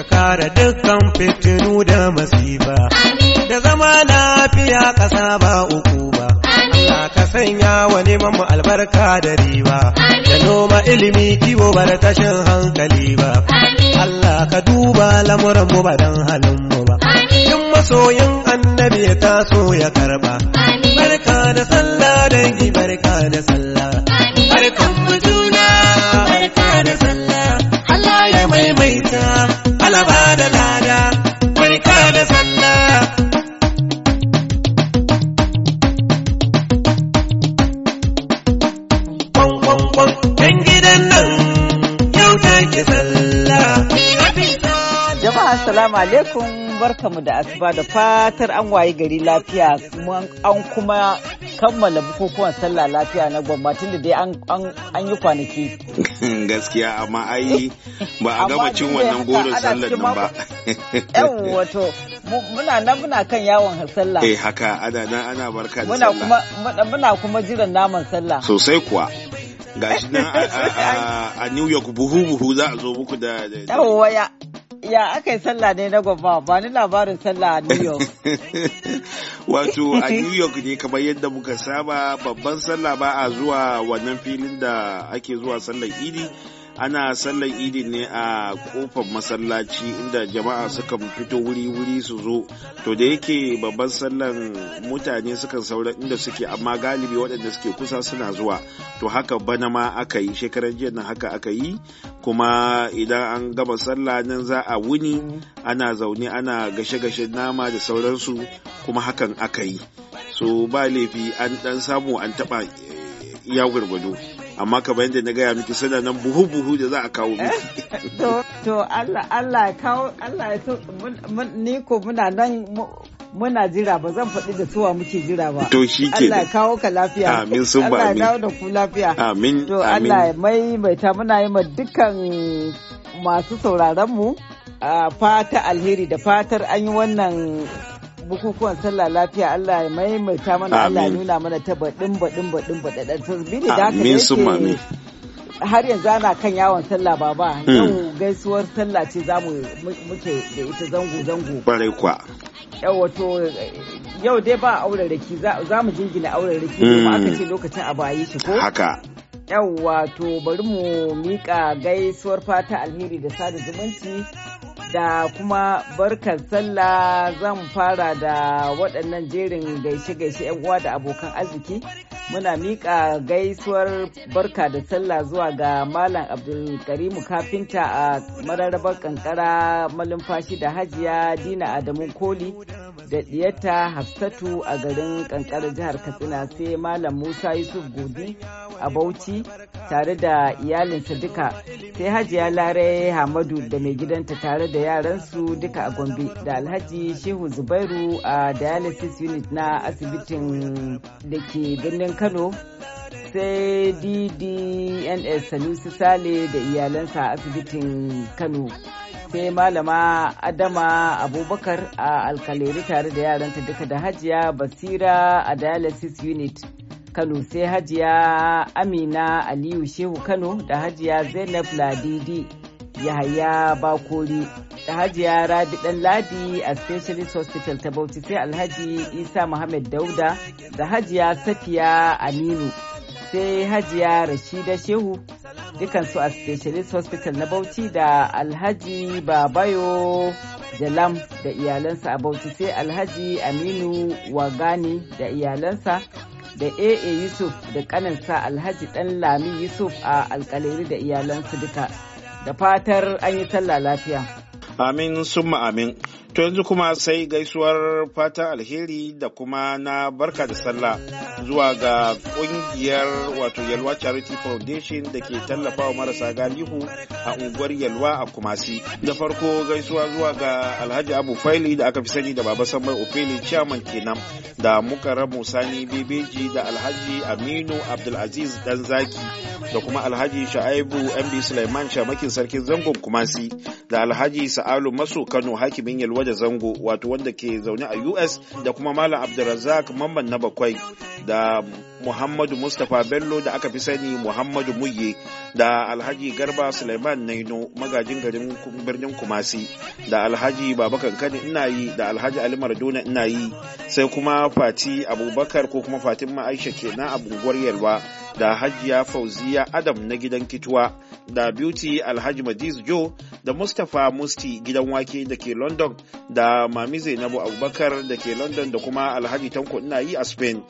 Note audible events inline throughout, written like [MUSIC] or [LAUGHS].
ya kara dukkan fitinu da masifa da zama lafiya kasa ba uku ba Allah ka sanya wa neman mu albarka da riba da noma ilimi kiwo ba da tashin hankali ba Allah ka duba lamuran mu ba dan halin mu ba in masoyin annabi ya taso ya karba barka da sallah dangi barka da sallah Jama'a assalamu alaikum barkamu da asuba da fatar an wayi gari lafiya an kuma kammala bukukuwan sallah lafiya na gwamnati da dai an yi kwanaki. [LAUGHS] Gaskiya amma ai ba a gama cin wannan goron sallar nan ba. Yan wato [LAUGHS] muna nan muna kan yawon sallah. Eh haka ana nan ana barka da sallah. Muna kuma jiran naman sallah. Sosai kuwa. gashi nan a [LAUGHS] New York buhu buhu za a zo muku da. Yawwa ya aka yi sallah ne na gwamba ba ni labarin sallah a new york [LAUGHS] wato a new york ne kamar yadda muka saba babban sallah ba a zuwa wannan filin da ake zuwa sallar idi ana sallar idin ne a kofar masallaci inda jama'a suka fito wuri-wuri su zo to da yake babban sallar mutane sukan saura inda suke amma galibi waɗanda suke kusa suna zuwa to haka bana ma aka yi shekaran jiya na haka aka yi kuma idan an gama sallah nan za a wuni ana zaune ana gashe-gashe nama da sauransu kuma hakan aka yi so ba laifi an dan samu an taɓa eh, ya gwargwado. amma kamar yadda na gaya miki suna nan buhu-buhu da za a kawo miki. [LAUGHS] To Allah Allah ya kawo Allah ya ni ko muna nan muna jira ba zan faɗi da tuwa muke jira ba. To shi ke Allah ya kawo ka lafiya. Amin sun ba amin. Allah ya dawo da ku lafiya. Amin. To Allah ya ta muna yi ma dukkan masu sauraron mu fata alheri da fatar an yi wannan bukukuwan sallah lafiya Allah ya maimaita mana Allah ya nuna mana ta baɗin baɗin baɗin baɗaɗar ba da haka Amin sun Har yanzu ana kan yawon sallah baba hmm. yau gaisuwar sallah ce za mu muke da ita zango zango. Barai kwa. Yau wato yau dai ba auren raki za mu jingina auren raki hmm. kuma aka ce lokacin a yi shi ko? Haka. Yau wato bari mu miƙa gaisuwar fata alheri da sada zumunci da kuma barkar sallah zan fara da waɗannan jerin gaishe-gaishe 'yan uwa da abokan arziki muna miƙa gaisuwar barka da sallah zuwa ga malam abdulkarimu kafinta a mararrabar kankara malumfashi da hajiya dina adamu koli da diyata hafsatu a garin kankara jihar katsina sai malam musa yusuf godi a Bauchi tare da iyalinsa duka sai Hajiya larai Hamadu da mai gidanta tare da yaransu duka a Gombe da Alhaji Shehu Zubairu a dialysis unit na asibitin da ke birnin Kano sai DDNS Sanusi Sale da iyalansa a asibitin Kano. sai malama adama abubakar a alkaleri tare da yaranta duka da hajiya basira a dialysis unit Kano sai Hajiya Amina Aliyu Shehu Kano da Hajiya Zainab Ladidi Yahaya Bakori da Hajiya Rabi Dan Ladi a Specialist Hospital ta Bauchi sai Alhaji Isa Muhammad Dauda da Hajiya Safiya Aminu sai Hajiya Rashida Shehu dukansu a Specialist Hospital na Bauchi da Alhaji Babayo Jalam da iyalansa a Bauchi sai Alhaji Aminu Wagani da iyalansa da AA Yusuf da kaninsa Alhaji Dan Lami Yusuf a alkaleri da iyalansu duka. Da fatar an yi sallah lafiya. Amin summa amin. To yanzu kuma sai gaisuwar fata alheri da kuma na barka da sallah zuwa ga kungiyar wato Yalwa Charity Foundation da ke tallafa wa marasa galihu a unguwar Yalwa a Kumasi. Da farko gaisuwa zuwa ga Alhaji Abu Faili da aka fi sani da Baba Sambai Ofeli Chairman kenan da muka rabu Sani Bebeji da Alhaji Aminu Abdulaziz Dan Zaki da kuma Alhaji Sha'aibu MB Sulaiman Shamakin Sarkin Zangon Kumasi da Alhaji Sa'alu Maso Kano Hakimin Yalwa gwada zango wato wanda ke zaune a us da kuma malam abdulrazak mamman na bakwai da muhammadu mustapha bello da aka fi sani muhammadu muye da alhaji garba suleiman naino magajin garin birnin kumasi da alhaji babakan kani ina yi da alhaji ali maradona ina yi sai kuma fati abubakar ko kuma fatima aisha kenan a yalwa da hajiya fauziya adam na gidan kituwa da beauty alhaji madiz jo da mustapha musti gidan wake da ke london da mami zainabu abubakar da ke london da kuma alhaji tanko ina yi a spain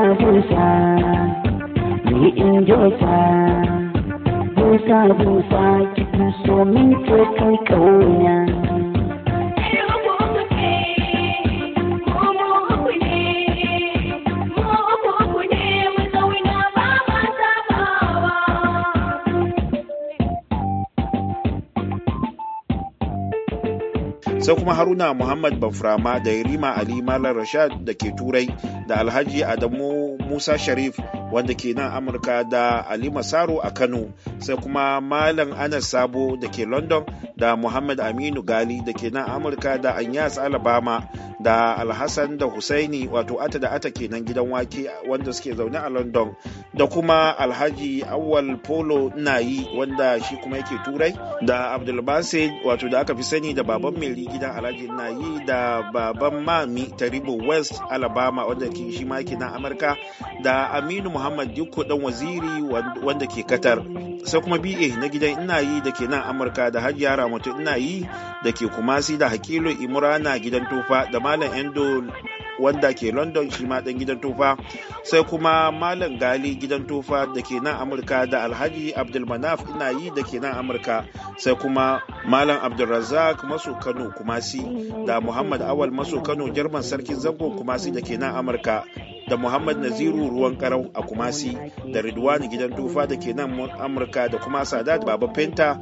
busa ni in jota busa busa You buso min to kai kauna sai kuma haruna muhammad baframa da rima ali malar rashad da ke turai da alhaji adamu musa sharif wanda ke nan amurka da ali masaro a kano sai kuma malam anas sabo da ke london da muhammad aminu gali da ke nan amurka da anyas alabama da alhassan da husaini wato ata da ata kenan gidan wake wanda suke zaune a london da kuma alhaji awal polo nayi wanda shi kuma yake turai da abdulbase wato da aka fi sani da baban meri gidan alhaji nayi da baban mami taribo west alabama wanda ke shi ma na amurka da aminu muhammad dikko dan waziri wanda ke katar sai kuma ba na gidan ina yi da ke nan amurka da hajiya ramatu ina yi da ke kumasi da hakilu imurana gidan tufa da malam endo wanda ke london shi ma dan gidan tufa sai kuma malam gali gidan tufa da ke nan amurka da alhaji abdulmanaf ina yi da ke nan amurka sai kuma malam abdulrazak maso kano kumasi da muhammad awal maso kano girman sarkin zangon kumasi da ke nan amurka da muhammad naziru ruwan karau a kumasi da ridwani gidan tufa da ke nan amurka da kuma sadat baba penta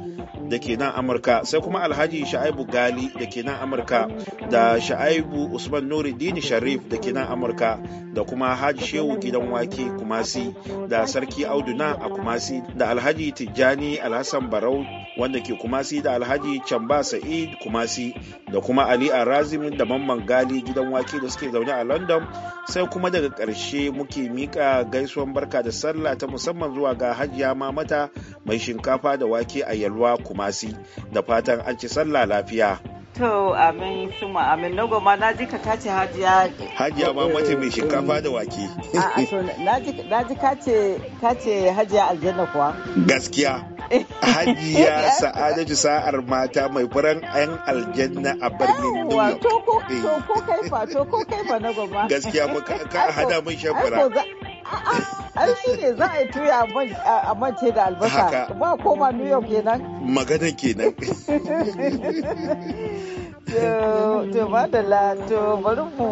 da ke nan amurka sai kuma alhaji shaibu gali da ke nan amurka da shaibu usman nuruddin sharif da ke nan amurka da kuma haji shehu gidan wake kumasi da sarki auduna a kumasi da alhaji tijjani alhassan barau wanda ke kumasi da alhaji chamba sa'id kumasi da kuma ali razumin da mamman gali gidan wake da suke zaune a london sai kuma daga karshe muke mika gaisuwan barka da sallah ta musamman zuwa ga hajiya mamata mai shinkafa da wake a yalwa kumasi da fatan an ci sallah lafiya To amin suma amin na goma na ji ka kace hajiya. Hajiya ma mace mai shinkafa da wake. Na ji kace kace hajiya aljanna kuwa. Gaskiya. Hajiya Sa'adatu sa'ar mata mai furan ayan aljanna a birnin New York. Ko eh. kaifa, to ko kaifa na gaba. Gaskiya mu ka hada mun shafura. Ai shi ne za a yi tuya a mace da albasa. Ba koma New York kenan. Magana kenan. [LAUGHS] to la, to bari mu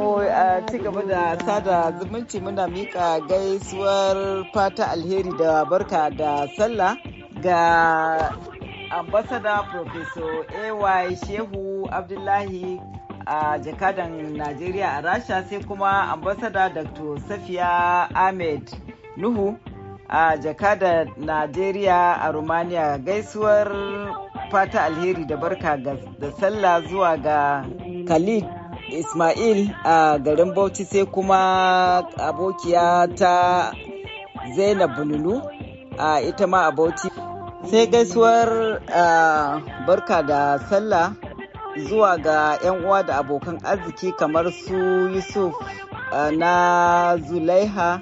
ci gaba da sada zumunci muna mika gaisuwar fata alheri da barka da sallah ga ambassador professor ay shehu abdullahi a jakadan najeriya a rasha sai kuma ambasada dr safiya ahmed nuhu a jakada najeriya a romania gaisuwar fata alheri da barka da sallah zuwa ga khalid ismail a garin bauchi sai kuma abokiya ta zainab bululu a ita ma a Bauchi. Sai gaisuwar barka da sallah zuwa ga 'yan uwa da abokan arziki kamar su Yusuf na Zulaiha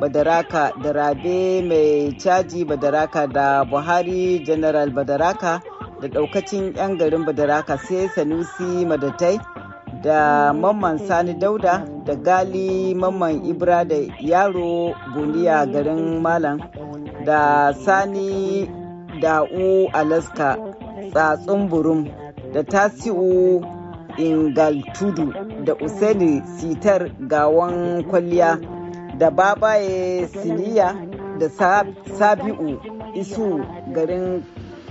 Badaraka da Rabe mai caji Badaraka da Buhari General Badaraka da ɗaukacin 'yan garin Badaraka sai Sanusi Madatai da Mamman Sani Dauda da Gali Mamman Ibra da Yaro Guniya garin Malam. da sani da u alaska tsatsun burum da tasiu ingaltudu da usaini sitar gawan kwalliya da babaye siliya da sabi'u isu garin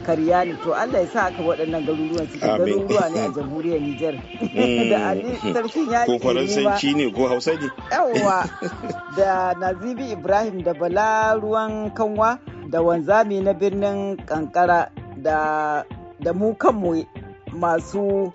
karya ne to Allah ya sa aka waɗannan garuruwan suke garuruwa ne a [LAUGHS] jamhuriyar Nijar hmm. [LAUGHS] da sarkin ya ko faransanci ne ko hausa ne yawwa [LAUGHS] da Nazibi Ibrahim da Bala ruwan kanwa da wanzami na birnin kankara da da mu kanmu masu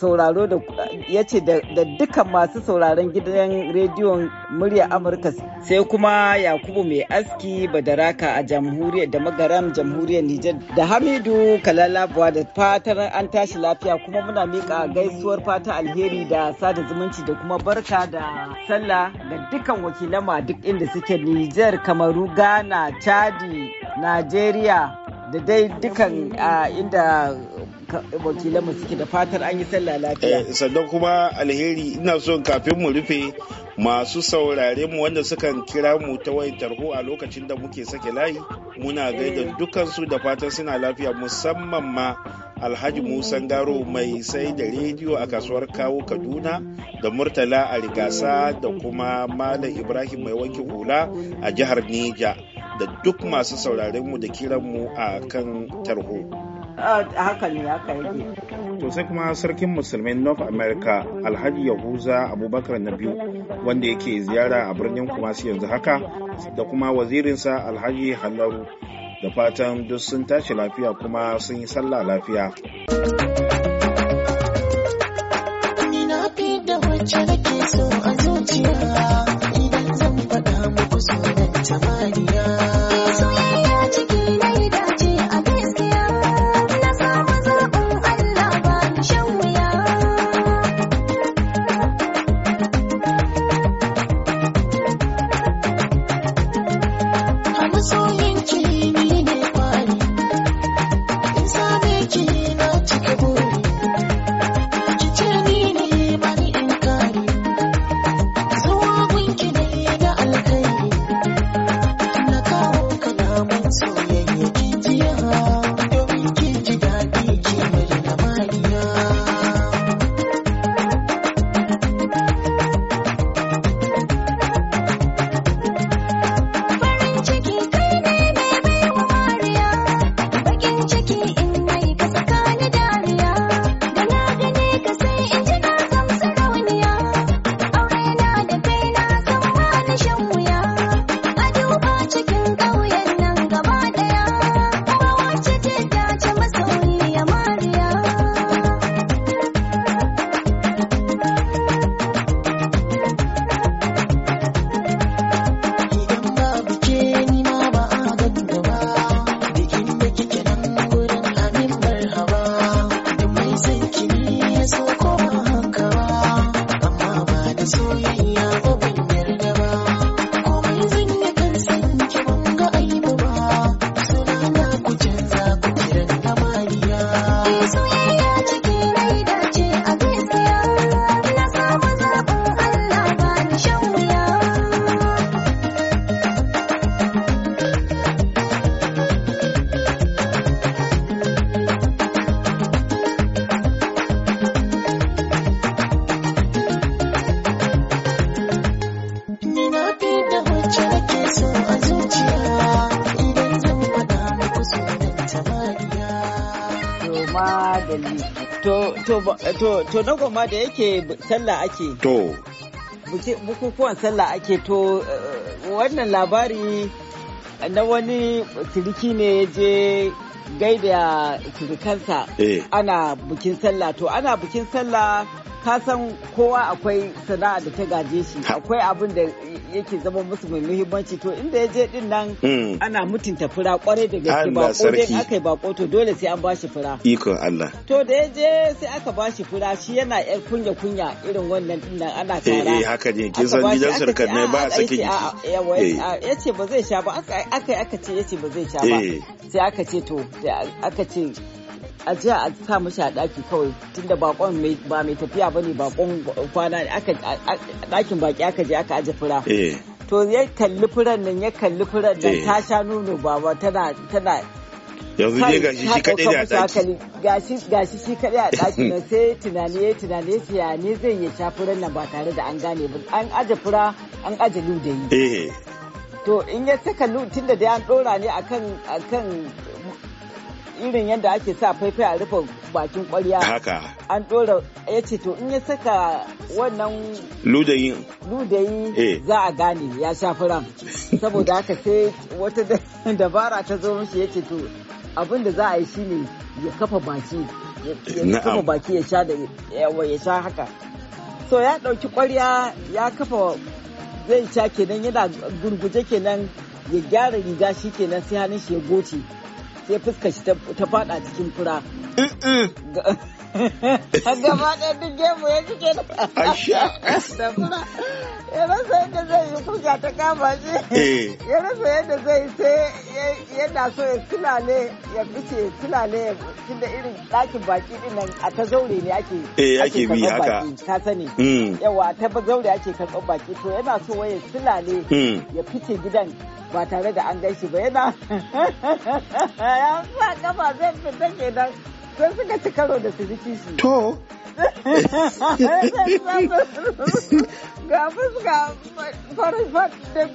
sauraro da ya ce da dukkan masu sauraron gidan rediyon murya amurka sai kuma yakubu mai aski badaraka a jamhuriyar da magaram jamhuriyar nijar da hamidu kalalabuwa da fatar an tashi lafiya kuma muna mika gaisuwar fata alheri da sada zumunci da kuma barka da sallah ga dukkan wakilan duk inda suke nijar kamaru Gana, chadi najeriya da dai dukkan inda mu suke da fatar an yi sallah lafiya. Eh, sannan kuma alheri ina son kafin mu rufe masu saurare mu wanda suka kira mu ta wayan tarho a lokacin da muke sake layi muna gaida eh. dukkan su da fatan suna lafiya musamman ma alhaji musan garo mai sai da rediyo a kasuwar kawo kaduna da murtala a rigasa da kuma malam ibrahim mai wanke hula a jihar neja da duk masu sauraren mu da kiran mu a kan tarho. to sai kuma sarkin musulmin north america alhaji yahuza abubakar na biyu wanda yake ziyara a birnin kumasi yanzu haka da kuma wazirinsa alhaji halaru da fatan duk sun tashi lafiya kuma sun yi sallah lafiya Yeah. fi da To, to, to, na goma da yake sallah ake. To. Bukukuwan sallah ake to eh, wannan labari na wani siriki ne ya je gaida sirikansa eh. ana bukin sallah to ana bukin sallah ka san kowa akwai sana'a da ta gaje shi akwai abin da yake zama musu mai muhimmanci to inda ya je din nan hmm. ana mutunta fura kwarai da gaske ba ko dai aka yi bako to dole sai an bashi fura ikon Allah to da ya je sai aka bashi fura shi yana yar kunya kunya irin wannan din nan ana tara eh, eh haka ne kin san gidan sarkar ne ba a sake jiki yace eh. ba zai sha ba aka aka ce yace ba zai sha ba eh. sai aka ce to aka ce a jiya a sa mashi a daki kawai tunda bakon ba mai tafiya ba ne bakon kwana ɗakin baki aka je aka aje fura eh. to ya kalli furan nan ya kalli furan nan eh. ta sha nono baba tana tana yanzu ne gashi shi kadai da daki gashi gashi shi kadai a daki na sai tunani ya tunani ya ya ne zai ya sha furan nan ba tare da an gane ba an aje fura an aje ludayi eh. to in ya saka tunda da an dora ne akan akan irin yadda ake sa faifai a rufe bakin kwarya haka an dora ya ce to in ya saka wannan ludayi ludayi eh. za a gane ya sha furan saboda haka sai wata dabara ta zo mishi ya ce to abin da za a yi shine ya kafa baki ya kafa baki ya sha da ya sha haka so ya ɗauki kwarya ya kafa zai sha kenan yana gurguje kenan ya gyara riga shi kenan sai hannun shi ya goce sai fuska shi ta fada cikin fura uh, uh. gaba ɗaya duk gemu ya cike da fura ya rasa yadda zai yi kuka ta kama shi eh. ya rasa yadda zai sai yana so ya tulale ya fice tulale tunda irin ɗakin baki ɗin nan a ta zaure ne ake eh ake bi haka ka sani hmm. yawa ta zaure ake karɓar baki to yana so waye tulale hmm. ya fice gidan ba tare da an gaishe ba yana [LAUGHS] ya sa kafa zai fita kenan Sai suka ci karo da siriki shi. To. Ga farin fat da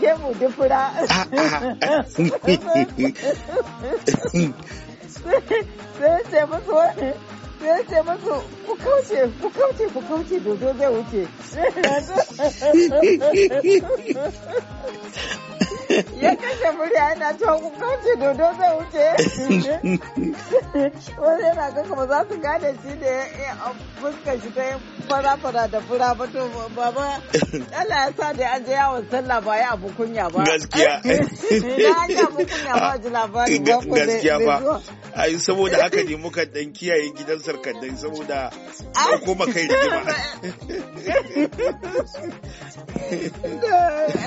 gemu da fura. Sai wani sai ce ku kauce ku kauce ku kauce dodo zai wuce ya kashe murya yana cewa ku kauce dodo zai wuce [LAUGHS] wani yana ga kuma za su gane shi da eh, ya fuskar shi ta fara-fara da fura ba to baba Allah ya sa da an je yawon sallah ba ya abu kunya ba gaskiya na [LAUGHS] an yi abu kunya ba ji labari ba ku gaskiya ba ai saboda haka ne muka dan kiyaye gidan sarkadai saboda Ko koma kai rigima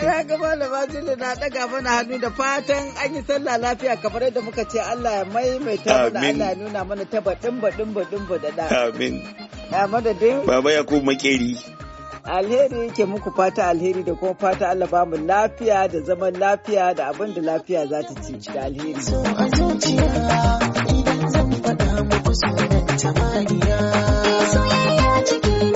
ya gaba da jini na daga daga mana hannu da fatan an yi sallah lafiya kamar yadda muka ce Allah ya mai mai ta mana Allah ya nuna mana ta baɗin baɗin baɗin baɗaɗa. Amin. Na madadin. Baba ya kuma makeri. alheri yake muku fata alheri da kuma fata Allah ba mu lafiya da zaman lafiya da abin da lafiya za ta ci da alheri. So a zuciya idan zan faɗa muku soyayya ta mariya. Soyayya cikin